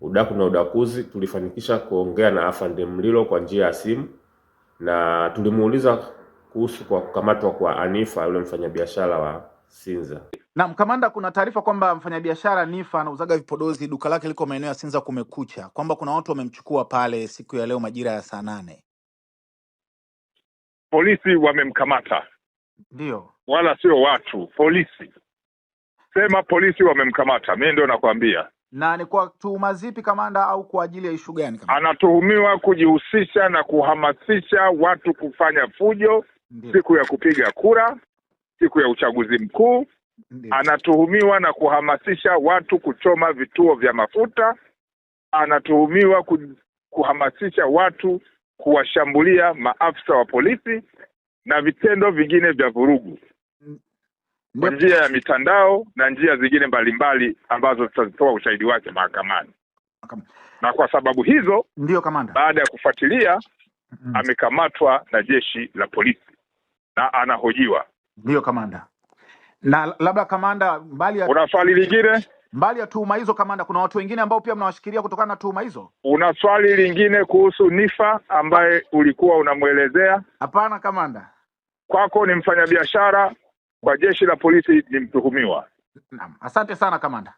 Udaku na Udakuzi tulifanikisha kuongea na Afande Mlilo kwa njia ya simu na tulimuuliza kuhusu kwa kukamatwa kwa Anifa yule mfanyabiashara wa Sinza. Naam, kamanda, kuna taarifa kwamba mfanyabiashara Anifa anauzaga vipodozi, duka lake liko maeneo ya Sinza kumekucha, kwamba kuna watu wamemchukua pale siku ya leo majira ya saa nane. Polisi wamemkamata, ndio wala sio watu. Polisi sema polisi wamemkamata, Mimi ndio nakwambia na ni kwa tuhuma zipi kamanda, au kwa ajili ya ishu gani kamanda? Anatuhumiwa kujihusisha na kuhamasisha watu kufanya fujo Ndiyo. siku ya kupiga kura, siku ya uchaguzi mkuu Ndiyo. Anatuhumiwa na kuhamasisha watu kuchoma vituo vya mafuta. Anatuhumiwa kuhamasisha watu kuwashambulia maafisa wa polisi na vitendo vingine vya vurugu kwa njia ya mitandao na njia zingine mbalimbali ambazo tutazitoa ushahidi wake mahakamani. Na kwa sababu hizo ndio kamanda, baada ya kufuatilia mm -hmm. amekamatwa na jeshi la polisi na anahojiwa. ndio kamanda. Na labda kamanda, mbali ya una swali lingine mbali ya tuhuma hizo kamanda, kuna watu wengine ambao pia mnawashikilia kutokana na tuhuma hizo? Una swali lingine kuhusu Nifa ambaye ulikuwa unamwelezea? Hapana kamanda. Kwako ni mfanyabiashara kwa jeshi la polisi ni mtuhumiwa. Asante sana kamanda.